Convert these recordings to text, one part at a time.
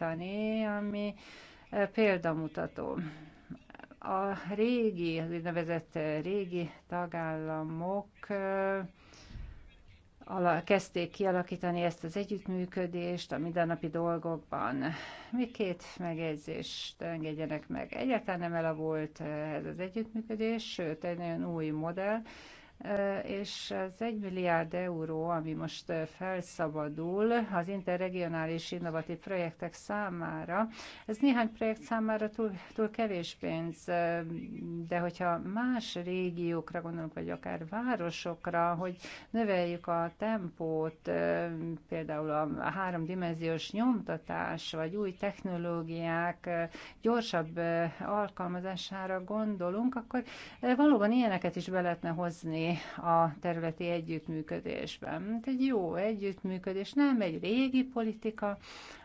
javítani, ami e, példamutató. A régi, az úgynevezett régi tagállamok e, kezdték kialakítani ezt az együttműködést a mindennapi dolgokban. Mi két megjegyzést engedjenek meg. Egyáltalán nem elavult e, ez az együttműködés, sőt, egy nagyon új modell, és az 1 milliárd euró, ami most felszabadul az interregionális innovatív projektek számára, ez néhány projekt számára túl, túl kevés pénz, de hogyha más régiókra gondolunk, vagy akár városokra, hogy növeljük a tempót, például a háromdimenziós nyomtatás, vagy új technológiák gyorsabb alkalmazására gondolunk, akkor valóban ilyeneket is be lehetne hozni a területi együttműködésben. Hát egy jó együttműködés nem egy régi politika,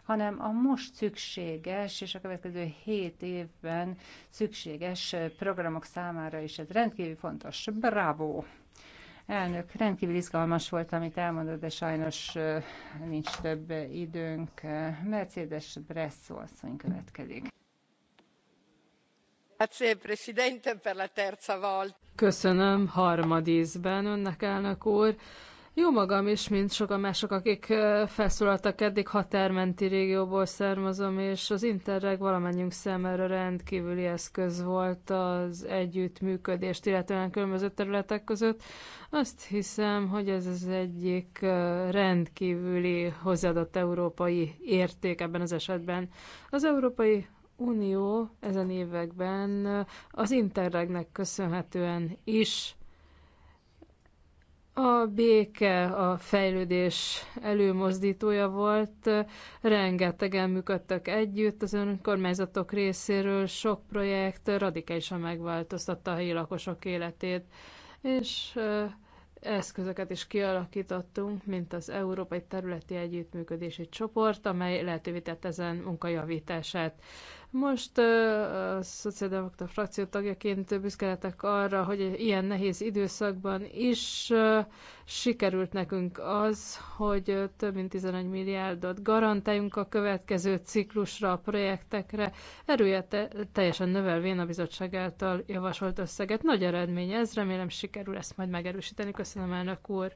hanem a most szükséges és a következő hét évben szükséges programok számára is. Ez rendkívül fontos. Bravo! Elnök, rendkívül izgalmas volt, amit elmondott, de sajnos nincs több időnk. Mercedes Bresszó asszony következik. Hát Köszönöm harmadízben önnek, elnök úr. Jó magam is, mint sokan mások, akik felszólaltak eddig, határmenti régióból származom, és az Interreg valamennyünk számára rendkívüli eszköz volt az együttműködést, illetően különböző területek között. Azt hiszem, hogy ez az egyik rendkívüli hozzáadott európai érték ebben az esetben. Az Európai Unió ezen években az Interregnek köszönhetően is a béke, a fejlődés előmozdítója volt. Rengetegen működtek együtt az önkormányzatok részéről, sok projekt radikálisan megváltoztatta a helyi lakosok életét. És eszközöket is kialakítottunk, mint az Európai Területi Együttműködési Csoport, amely lehetővé tett ezen munkajavítását. Most a Szociáldemokrata frakció tagjaként büszkeletek arra, hogy ilyen nehéz időszakban is sikerült nekünk az, hogy több mint 11 milliárdot garantáljunk a következő ciklusra, a projektekre, erője teljesen növelvén a bizottság által javasolt összeget. Nagy eredmény ez, remélem sikerül ezt majd megerősíteni. Köszönöm. Köszönöm, elnök úr.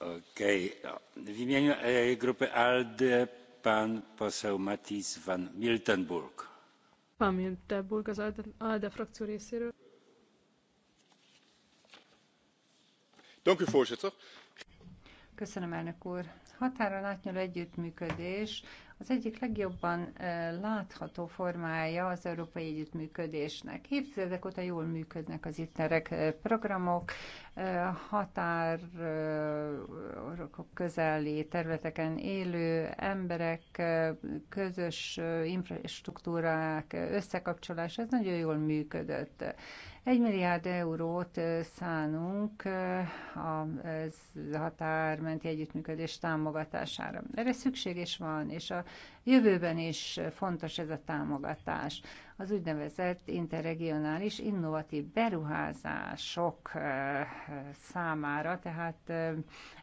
Okay. W imieniu e, grupy ALDE pan poseł Matis van Miltenburg. Van Miltenburg az ALDE, ALDE frakció részéről. Dank u, voorzitter. Köszönöm, elnök úr. Határon átnyúló együttműködés az egyik legjobban látható formája az európai együttműködésnek. Évtizedek óta jól működnek az itterek programok, határok közeli területeken élő emberek, közös infrastruktúrák összekapcsolása, ez nagyon jól működött. Egy milliárd eurót szánunk a határmenti együttműködés támogatására. Erre szükség is van, és a Jövőben is fontos ez a támogatás. Az úgynevezett interregionális innovatív beruházások eh, számára, tehát eh,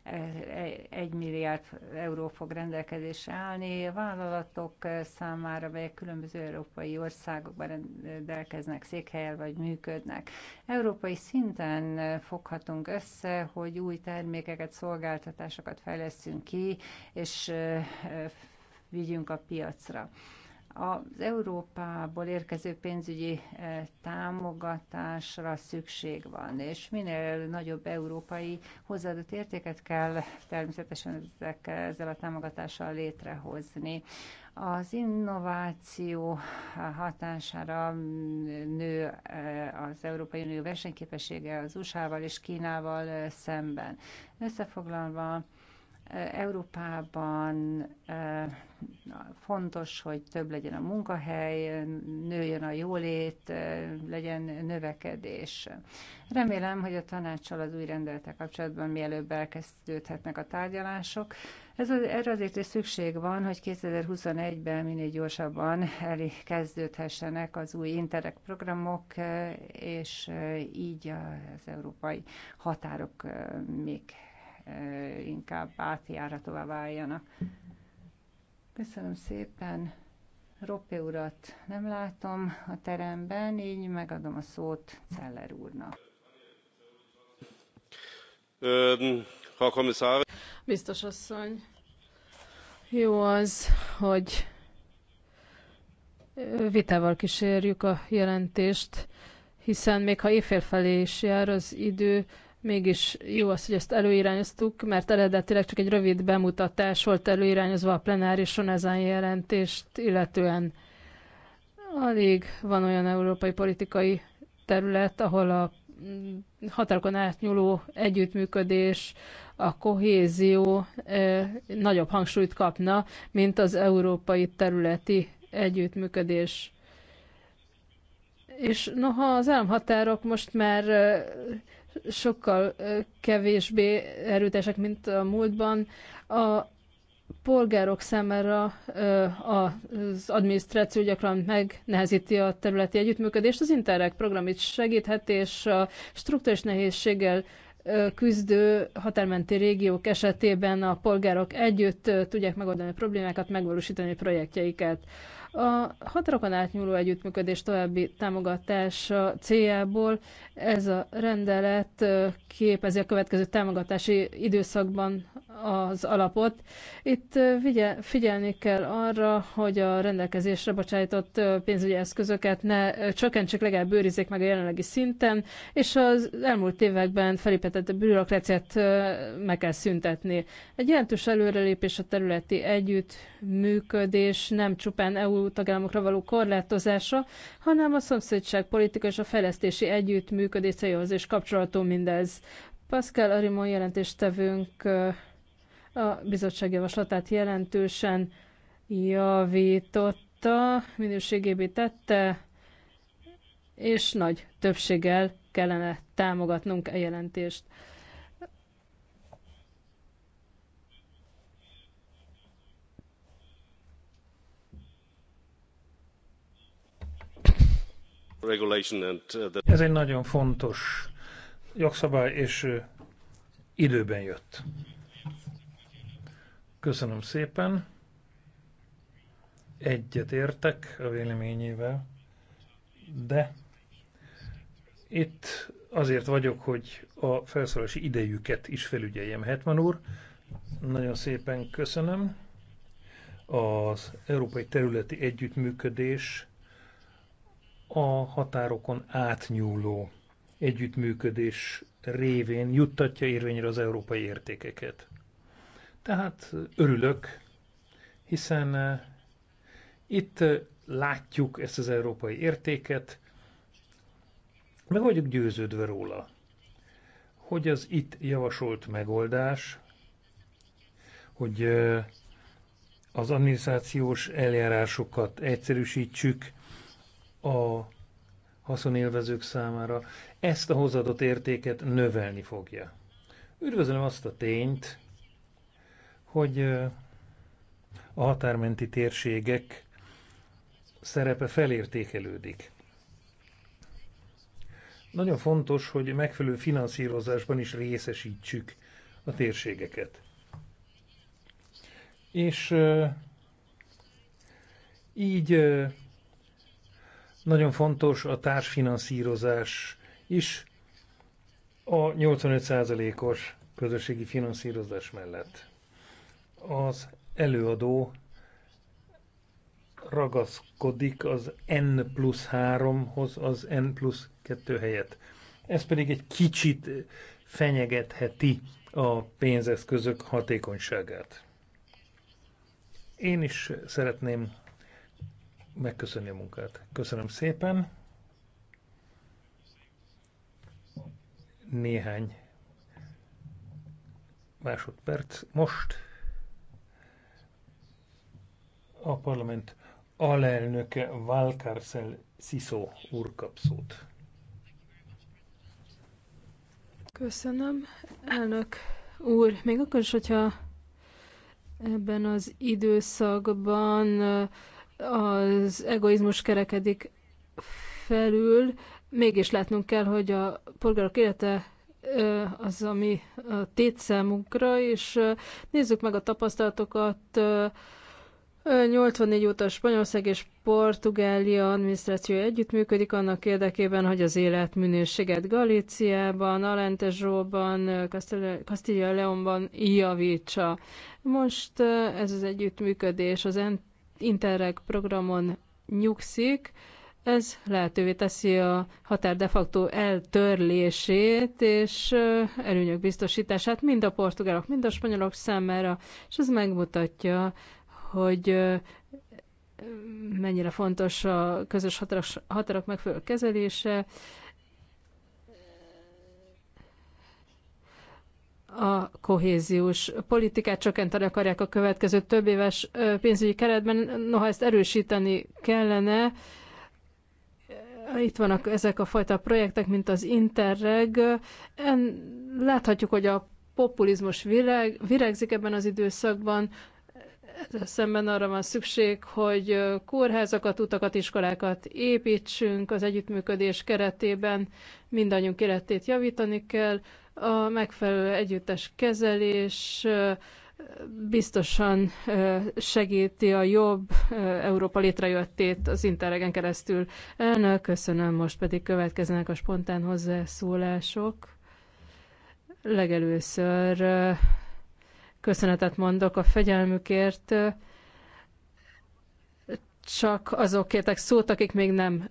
eh, egy milliárd euró fog rendelkezésre állni vállalatok számára, melyek különböző európai országokban rendelkeznek székhelyel vagy működnek. Európai szinten foghatunk össze, hogy új termékeket, szolgáltatásokat fejlesztünk ki, és vigyünk a piacra. Az Európából érkező pénzügyi eh, támogatásra szükség van, és minél nagyobb európai hozzáadott értéket kell természetesen ezek, ezzel a támogatással létrehozni. Az innováció hatására nő eh, az Európai Unió versenyképessége az USA-val és Kínával eh, szemben. Összefoglalva, Európában fontos, hogy több legyen a munkahely, nőjön a jólét, legyen növekedés. Remélem, hogy a tanácssal az új rendelettel kapcsolatban mielőbb elkezdődhetnek a tárgyalások. Ez az, erre azért is szükség van, hogy 2021-ben minél gyorsabban elkezdődhessenek az új interreg programok, és így az európai határok még eh, inkább átjáratóvá váljanak. Köszönöm szépen. Roppe urat nem látom a teremben, így megadom a szót Celler úrnak. Biztos asszony, jó az, hogy vitával kísérjük a jelentést, hiszen még ha éjfél felé is jár az idő, Mégis jó az, hogy ezt előirányoztuk, mert eredetileg csak egy rövid bemutatás volt előirányozva a plenárison ezen jelentést, illetően alig van olyan európai politikai terület, ahol a határokon átnyúló együttműködés, a kohézió nagyobb hangsúlyt kapna, mint az európai területi együttműködés. És noha az államhatárok most már sokkal kevésbé erőtesek, mint a múltban. A polgárok számára az adminisztráció gyakran megnehezíti a területi együttműködést. Az Interreg program itt segíthet, és a struktúrás nehézséggel küzdő határmenti régiók esetében a polgárok együtt tudják megoldani a problémákat, megvalósítani a projektjeiket. A határokon átnyúló együttműködés további támogatása céljából ez a rendelet képezi a következő támogatási időszakban az alapot. Itt figyelni kell arra, hogy a rendelkezésre bocsájtott pénzügyi eszközöket ne csökkentsék, legalább bőrizzék meg a jelenlegi szinten, és az elmúlt években felépített bürokráciát meg kell szüntetni. Egy jelentős előrelépés a területi együttműködés nem csupán EU tagállamokra való korlátozása, hanem a szomszédság politika és a fejlesztési együttműködés célhoz és kapcsolatú mindez. Pascal Arimon jelentéstevőnk a bizottság javaslatát jelentősen javította, minőségébé tette, és nagy többséggel kellene támogatnunk e jelentést. Uh, Ez egy nagyon fontos jogszabály, és uh, időben jött. Köszönöm szépen. Egyet értek a véleményével, de itt azért vagyok, hogy a felszólási idejüket is felügyeljem. Hetman úr, nagyon szépen köszönöm. Az Európai Területi Együttműködés a határokon átnyúló együttműködés révén juttatja érvényre az európai értékeket. Tehát örülök, hiszen eh, itt eh, látjuk ezt az európai értéket, meg vagyok győződve róla, hogy az itt javasolt megoldás, hogy eh, az adminisztrációs eljárásokat egyszerűsítsük, a haszonélvezők számára, ezt a hozadott értéket növelni fogja. Üdvözlöm azt a tényt, hogy a határmenti térségek szerepe felértékelődik. Nagyon fontos, hogy megfelelő finanszírozásban is részesítsük a térségeket. És így nagyon fontos a társfinanszírozás is a 85%-os közösségi finanszírozás mellett. Az előadó ragaszkodik az N plusz 3-hoz az N plusz 2 helyett. Ez pedig egy kicsit fenyegetheti a pénzeszközök hatékonyságát. Én is szeretném megköszönni a munkát. Köszönöm szépen. Néhány másodperc. Most a parlament alelnöke Valkárszel Sziszó úr kap szót. Köszönöm, elnök úr. Még akkor is, hogyha ebben az időszakban az egoizmus kerekedik felül, mégis látnunk kell, hogy a polgárok élete az, ami tét számunkra, és nézzük meg a tapasztalatokat. 84 óta Spanyolország és Portugália adminisztráció együttműködik annak érdekében, hogy az életminőséget Galíciában, Alentezsóban, Castilla-Leonban javítsa. Most ez az együttműködés az Interreg programon nyugszik, ez lehetővé teszi a határ de facto eltörlését és előnyök biztosítását mind a portugálok, mind a spanyolok számára, és ez megmutatja, hogy mennyire fontos a közös határok, határok megfelelő kezelése, a kohéziós politikát csökkenteni akarják a következő több éves pénzügyi keretben, noha ezt erősíteni kellene. Itt vannak ezek a fajta projektek, mint az Interreg. En, láthatjuk, hogy a populizmus vireg, virágzik ebben az időszakban, ezzel szemben arra van szükség, hogy kórházakat, utakat, iskolákat építsünk az együttműködés keretében, mindannyiunk életét javítani kell, a megfelelő együttes kezelés biztosan segíti a jobb Európa létrejöttét az interregen keresztül. Elnök, köszönöm, most pedig következnek a spontán hozzászólások. Legelőször köszönetet mondok a fegyelmükért, csak azok kértek szót, akik még nem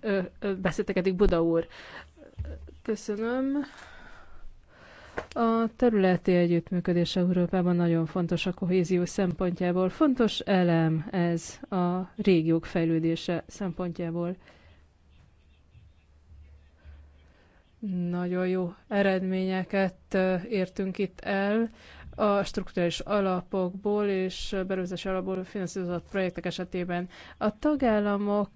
beszéltek eddig Buda úr. Köszönöm. A területi együttműködés Európában nagyon fontos a kohézió szempontjából. Fontos elem ez a régiók fejlődése szempontjából. Nagyon jó eredményeket értünk itt el a strukturális alapokból és berőzés alapból finanszírozott projektek esetében. A tagállamok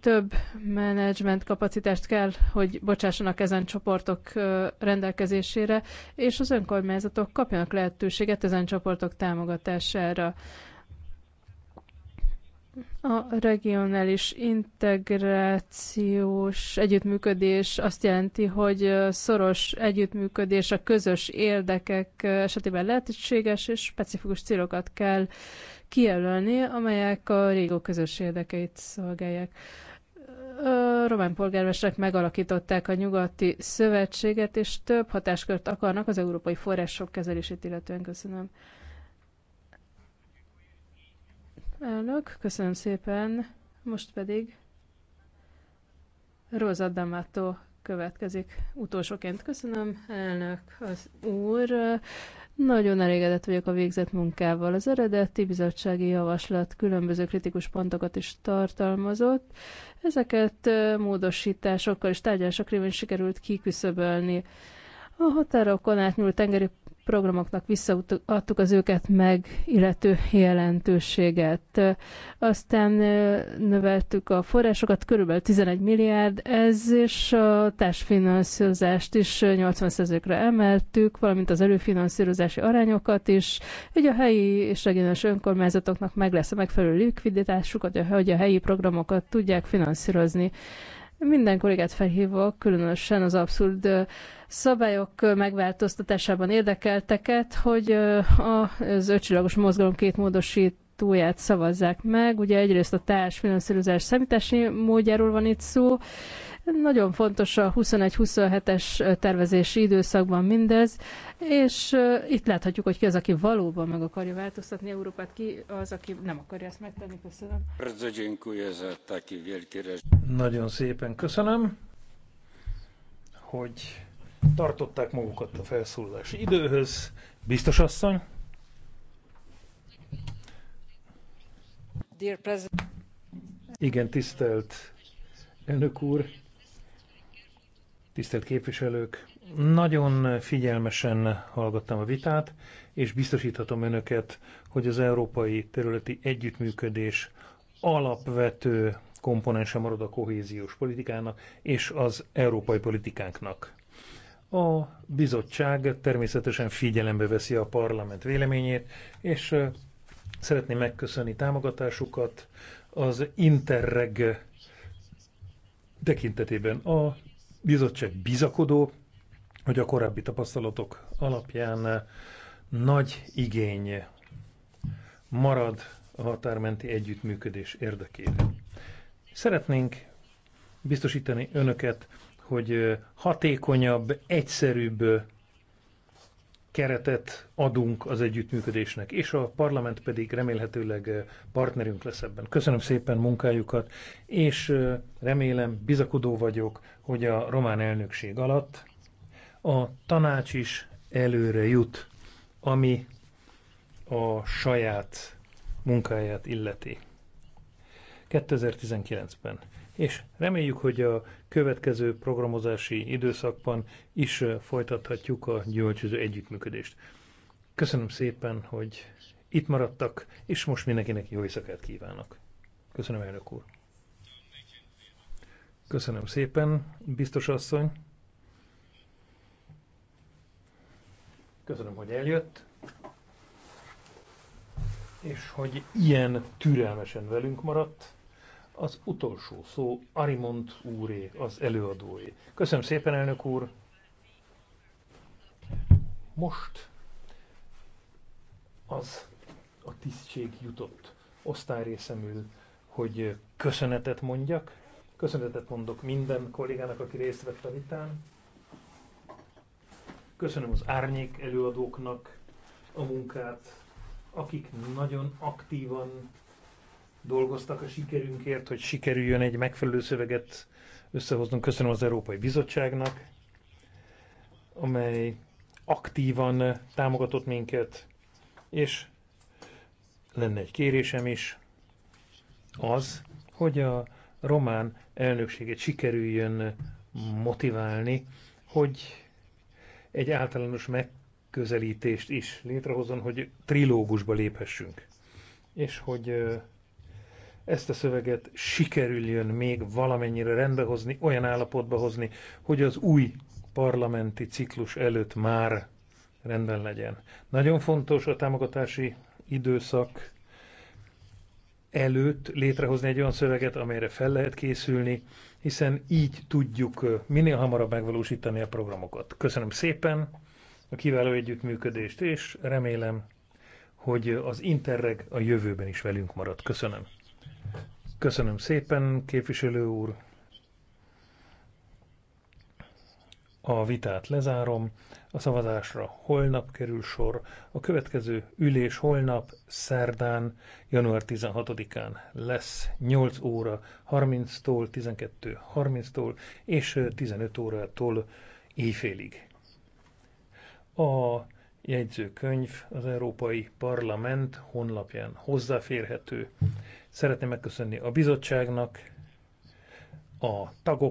több menedzsment kapacitást kell, hogy bocsássanak ezen csoportok rendelkezésére, és az önkormányzatok kapjanak lehetőséget ezen csoportok támogatására. A regionális integrációs együttműködés azt jelenti, hogy szoros együttműködés a közös érdekek esetében lehetséges, és specifikus célokat kell kijelölni, amelyek a régó közös érdekeit szolgálják. A román polgármesterek megalakították a Nyugati Szövetséget, és több hatáskört akarnak az európai források kezelését illetően. Köszönöm. Elnök, köszönöm szépen. Most pedig Rosa D'Amato következik utolsóként. Köszönöm, elnök az úr. Nagyon elégedett vagyok a végzett munkával. Az eredeti bizottsági javaslat különböző kritikus pontokat is tartalmazott. Ezeket módosításokkal és tárgyalások révén sikerült kiküszöbölni. A határokon átnyúlt tengeri programoknak visszaadtuk az őket meg illető jelentőséget. Aztán növeltük a forrásokat, körülbelül 11 milliárd, ez és a társfinanszírozást is 80%-ra emeltük, valamint az előfinanszírozási arányokat is, így a helyi és regionális önkormányzatoknak meg lesz a megfelelő likviditásuk, hogy a helyi programokat tudják finanszírozni. Minden kollégát felhívok, különösen az abszurd szabályok megváltoztatásában érdekelteket, hogy az ötcsillagos mozgalom két módosít túlját szavazzák meg. Ugye egyrészt a társfinanszírozás számítási módjáról van itt szó, nagyon fontos a 21-27-es tervezési időszakban mindez, és itt láthatjuk, hogy ki az, aki valóban meg akarja változtatni Európát, ki az, aki nem akarja ezt megtenni. Köszönöm. Nagyon szépen köszönöm, hogy tartották magukat a felszólalási időhöz. Biztos asszony? Igen, tisztelt elnök úr, tisztelt képviselők! Nagyon figyelmesen hallgattam a vitát, és biztosíthatom önöket, hogy az európai területi együttműködés alapvető komponense marad a kohéziós politikának és az európai politikánknak. A bizottság természetesen figyelembe veszi a parlament véleményét, és szeretném megköszönni támogatásukat az Interreg tekintetében. A bizottság bizakodó, hogy a korábbi tapasztalatok alapján nagy igény marad a határmenti együttműködés érdekében. Szeretnénk biztosítani önöket, hogy hatékonyabb, egyszerűbb keretet adunk az együttműködésnek, és a parlament pedig remélhetőleg eh, partnerünk lesz ebben. Köszönöm szépen munkájukat, és eh, remélem, bizakodó vagyok, hogy a román elnökség alatt a tanács is előre jut, ami a saját munkáját illeti. 2019-ben. És reméljük, hogy a következő programozási időszakban is folytathatjuk a gyümölcsöző együttműködést. Köszönöm szépen, hogy itt maradtak, és most mindenkinek jó éjszakát kívánok. Köszönöm, elnök úr. Köszönöm szépen, biztos asszony. Köszönöm, hogy eljött, és hogy ilyen türelmesen velünk maradt az utolsó szó Arimont úré, az előadói. Köszönöm szépen, elnök úr! Most az a tisztség jutott osztályrészemül, hogy köszönetet mondjak. Köszönetet mondok minden kollégának, aki részt vett a vitán. Köszönöm az árnyék előadóknak a munkát, akik nagyon aktívan dolgoztak a sikerünkért, hogy sikerüljön egy megfelelő szöveget összehoznunk. Köszönöm az Európai Bizottságnak, amely aktívan támogatott minket, és lenne egy kérésem is, az, hogy a román elnökséget sikerüljön motiválni, hogy egy általános megközelítést is létrehozzon, hogy trilógusba léphessünk. És hogy ezt a szöveget sikerüljön még valamennyire rendbehozni, olyan állapotba hozni, hogy az új parlamenti ciklus előtt már rendben legyen. Nagyon fontos a támogatási időszak előtt létrehozni egy olyan szöveget, amelyre fel lehet készülni, hiszen így tudjuk minél hamarabb megvalósítani a programokat. Köszönöm szépen a kiváló együttműködést, és remélem, hogy az Interreg a jövőben is velünk marad. Köszönöm. Köszönöm szépen, képviselő úr. A vitát lezárom. A szavazásra holnap kerül sor. A következő ülés holnap, szerdán, január 16-án lesz 8 óra 30-tól, 12.30-tól és 15 órától éjfélig. A jegyzőkönyv az Európai Parlament honlapján hozzáférhető. Szeretném megköszönni a bizottságnak, a tagoknak,